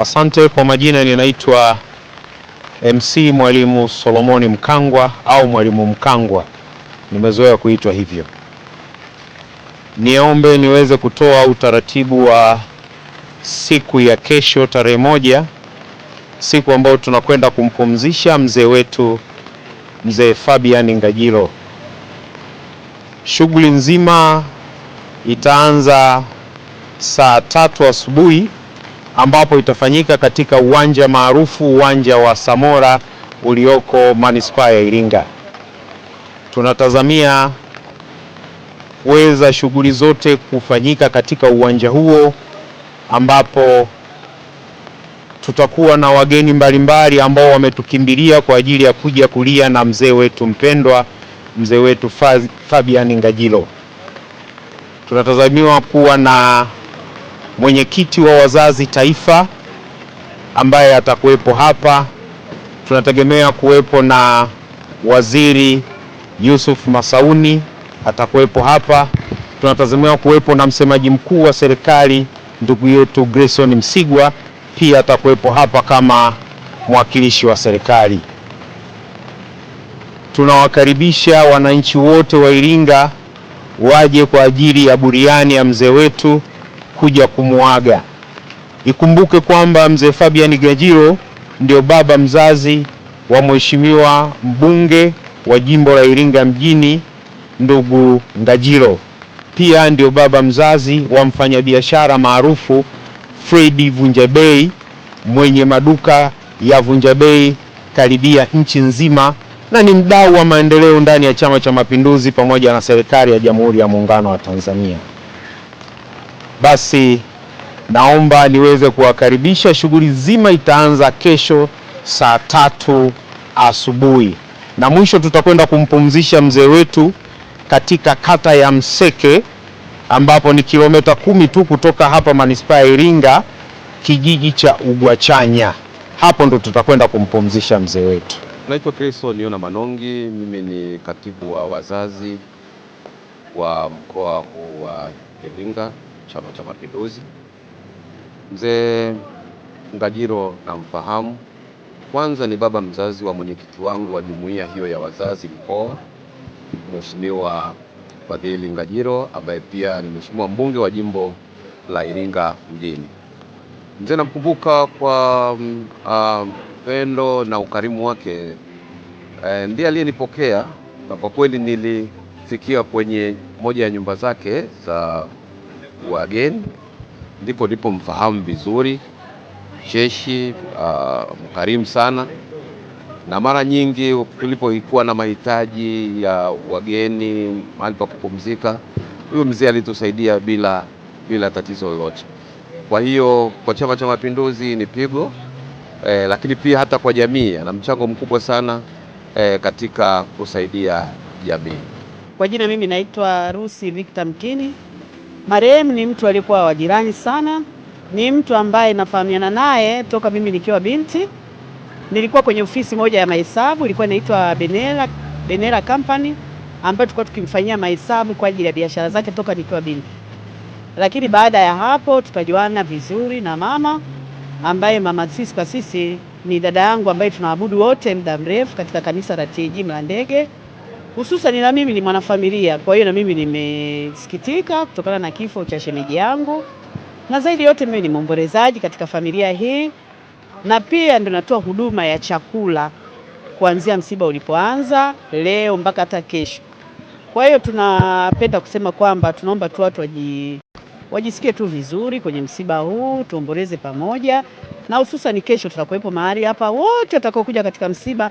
Asante. Kwa majina ninaitwa MC Mwalimu Solomoni Mkangwa au Mwalimu Mkangwa, nimezoea kuitwa hivyo. Niombe niweze kutoa utaratibu wa siku ya kesho tarehe moja, siku ambayo tunakwenda kumpumzisha mzee wetu mzee Fabian Ngajilo. Shughuli nzima itaanza saa tatu asubuhi ambapo itafanyika katika uwanja maarufu, uwanja wa Samora ulioko manispaa ya Iringa. Tunatazamia kuweza shughuli zote kufanyika katika uwanja huo ambapo tutakuwa na wageni mbalimbali ambao wametukimbilia kwa ajili ya kuja kulia na mzee wetu mpendwa, mzee wetu Fabian Ngajilo. Tunatazamiwa kuwa na mwenyekiti wa wazazi taifa ambaye atakuwepo hapa. Tunategemea kuwepo na waziri Yusuf Masauni atakuwepo hapa. Tunatazamia kuwepo na msemaji mkuu wa serikali ndugu yetu Grayson Msigwa pia atakuwepo hapa kama mwakilishi wa serikali. Tunawakaribisha wananchi wote wa Iringa waje kwa ajili ya buriani ya mzee wetu kuja kumuaga. Ikumbuke kwamba mzee Fabian gajiro ndio baba mzazi wa mheshimiwa mbunge wa jimbo la Iringa mjini ndugu ngajiro pia ndio baba mzazi wa mfanyabiashara maarufu Fredi Vunjabei mwenye maduka ya Vunjabei karibia nchi nzima na ni mdau wa maendeleo ndani ya Chama cha Mapinduzi pamoja na serikali ya Jamhuri ya Muungano wa Tanzania basi naomba niweze kuwakaribisha. Shughuli zima itaanza kesho saa tatu asubuhi na mwisho tutakwenda kumpumzisha mzee wetu katika kata ya Mseke ambapo ni kilomita kumi tu kutoka hapa manispaa ya Iringa, kijiji cha Ugwachanya. Hapo ndo tutakwenda kumpumzisha mzee wetu. Naitwa Kristo niona Manongi, mimi ni katibu wa wazazi wa mkoa huu wa Iringa. Chama cha Mapinduzi. Mzee ngajiro namfahamu, kwanza ni baba mzazi wa mwenyekiti wangu wa jumuiya hiyo ya wazazi mkoa, Mheshimiwa Fadhili ngajiro ambaye pia ni mheshimiwa mbunge wa jimbo la Iringa mjini. Mzee namkumbuka kwa mm, ah, pendo uh, na ukarimu wake e, ndiye aliyenipokea na kwa kweli nilifikia kwenye moja ya nyumba zake za wageni, ndipo ndipo mfahamu vizuri cheshi, uh, ah, mkarimu sana, na mara nyingi tulipokuwa na mahitaji ya wageni, mahali pa kupumzika, huyo mzee alitusaidia bila, bila tatizo lolote. Kwa hiyo kwa Chama cha Mapinduzi ni pigo eh, lakini pia hata kwa jamii ana mchango mkubwa sana eh, katika kusaidia jamii. Kwa jina mimi naitwa Rusi Victor Mkini Marehemu ni mtu aliyekuwa wa jirani sana, ni mtu ambaye nafahamiana naye toka mimi nikiwa binti. Nilikuwa kwenye ofisi moja ya mahesabu, ilikuwa inaitwa Benera, Benera Company ambayo tulikuwa tukimfanyia mahesabu kwa ajili ya biashara zake toka nikiwa binti. Lakini baada ya hapo tukajuana vizuri na mama ambaye mama sisi kwa sisi ni dada yangu ambaye tunaabudu wote muda mrefu katika kanisa la TAG Mlandege hususani na mimi ni mwanafamilia, kwa hiyo na mimi nimesikitika kutokana na kifo cha shemeji yangu, na zaidi yote mimi ni mwombolezaji katika familia hii, na pia ndo natoa huduma ya chakula kuanzia msiba ulipoanza leo mpaka hata kesho. Kwa hiyo tunapenda kusema kwamba tunaomba tu watu waji wajisikie tu vizuri kwenye msiba huu, tuomboleze pamoja, na hususan kesho tutakuwepo mahali hapa, wote watakaokuja katika msiba